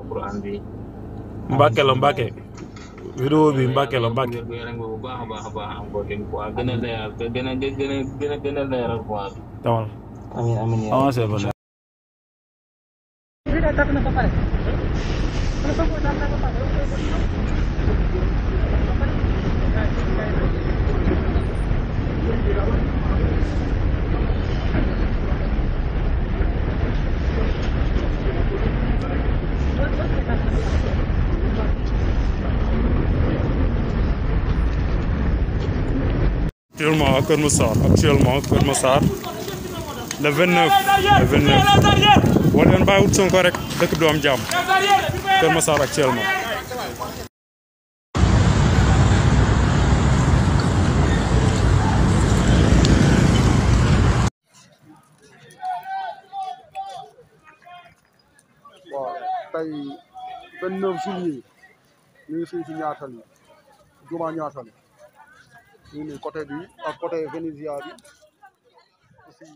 Alxuraan bi Mbàkke la Mbàkke vidéo bi Mbàkke la Mbàkke bu baax a baax a baax encore une fois gën a leeral te gën a gën a gën a gën a leeral quoi bi tawal amiin amiin avancé ba ne Thank you. actuellement à Kër Massar actuellement Kër Massar le 29 le 29 boo leen bàyyiwut Sonko rek dëkk bi du am jàmm Kër Massar actuellement. waaw tey 29 juillet ñu ngi fii ci Niassane jumaa Niassane. ñu ngi nii côté bi ak côté Venezia bi aussi